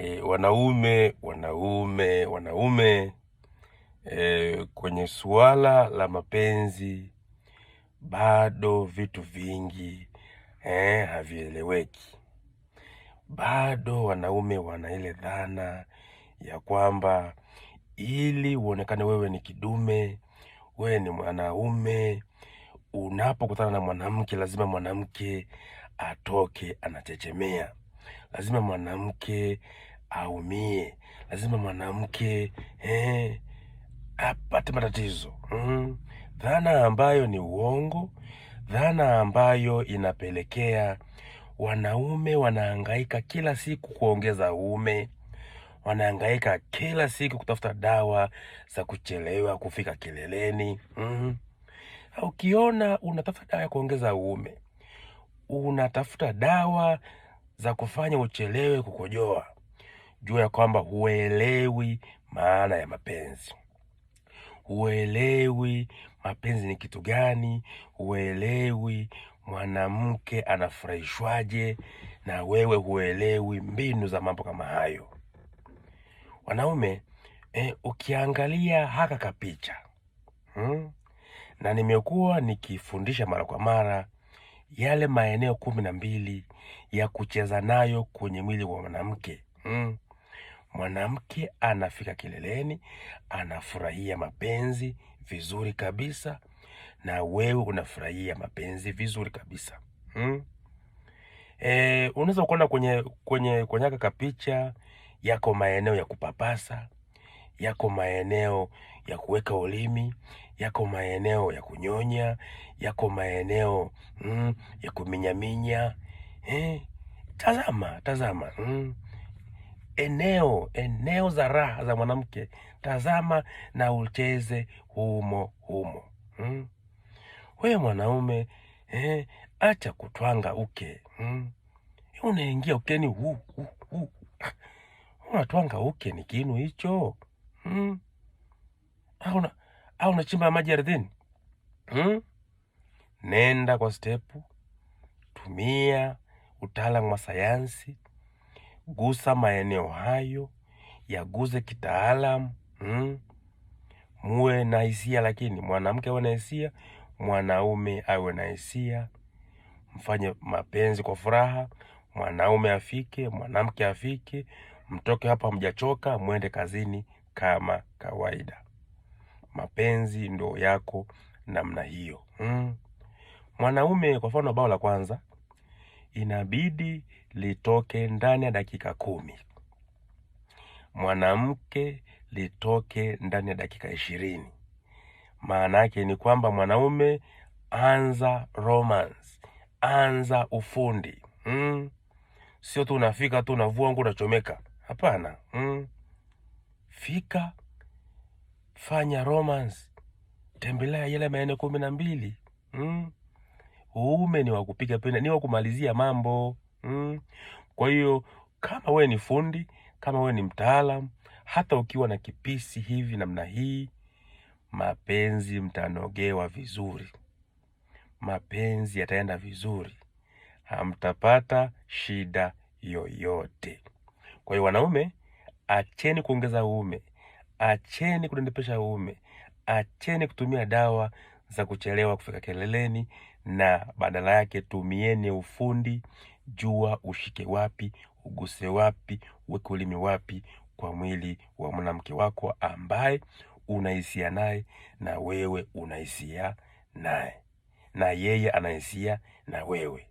e, wanaume wanaume wanaume e, kwenye suala la mapenzi bado vitu vingi e, havieleweki. Bado wanaume wana ile dhana ya kwamba ili uonekane wewe ni kidume, wewe ni mwanaume, unapokutana na mwanamke lazima mwanamke atoke anachechemea lazima mwanamke aumie, lazima mwanamke eh, apate matatizo mm. Dhana ambayo ni uongo, dhana ambayo inapelekea wanaume wanaangaika kila siku kuongeza uume, wanaangaika kila siku kutafuta dawa za kuchelewa kufika kileleni mm. Ukiona unatafuta dawa ya kuongeza uume, unatafuta dawa za kufanya uchelewe kukojoa, jua ya kwamba huelewi maana ya mapenzi, huelewi mapenzi ni kitu gani, huelewi mwanamke anafurahishwaje, na wewe huelewi mbinu za mambo kama hayo. Wanaume eh, ukiangalia haka kapicha hmm? na nimekuwa nikifundisha mara kwa mara yale maeneo kumi na mbili ya kucheza nayo kwenye mwili wa mwanamke mm. Mwanamke anafika kileleni, anafurahia mapenzi vizuri kabisa, na wewe unafurahia mapenzi vizuri kabisa mm. E, unaweza kuona kwenye kwenye kwenye kaka picha yako maeneo ya kupapasa yako maeneo ya kuweka ulimi, yako maeneo ya kunyonya, yako maeneo mm, ya kuminyaminya eh. Tazama, tazama mm. Eneo eneo za raha za mwanamke, tazama na ucheze humo humo mm. Wewe mwanaume eh, acha kutwanga uke mm. Unaingia ukeni huu, huu, huu. Unatwanga uke ni kinu hicho hmm? au au unachimba maji ardhini hmm? Nenda kwa stepu, tumia utaalamu wa sayansi, gusa maeneo hayo, yaguze kitaalamu hmm? Muwe na hisia, lakini mwanamke awe na hisia, mwanaume awe na hisia. Mfanye mapenzi kwa furaha, mwanaume afike, mwanamke afike, mtoke hapa mjachoka, mwende kazini kama kawaida. Mapenzi ndo yako namna hiyo mm. Mwanaume kwa mfano, bao la kwanza inabidi litoke ndani ya dakika kumi, mwanamke litoke ndani ya dakika ishirini. Maana yake ni kwamba mwanaume, anza romance, anza ufundi mm. Sio tu unafika tu unavua nguo unachomeka. Hapana mm. Fika, fanya romance, tembelea yale maeneo kumi na mbili. Mm. Uume ni wakupika kupiga ni wakumalizia mambo mm. Kwa hiyo kama we ni fundi, kama we ni mtaalam, hata ukiwa na kipisi hivi namna hii, mapenzi mtanogewa vizuri, mapenzi yataenda vizuri, hamtapata shida yoyote. Kwa hiyo wanaume Acheni kuongeza uume, acheni kudendepesha uume, acheni kutumia dawa za kuchelewa kufika kileleni, na badala yake tumieni ufundi. Jua ushike wapi, uguse wapi, uweke ulimi wapi kwa mwili wa mwanamke wako ambaye unahisia naye na wewe unahisia naye na yeye anahisia na wewe.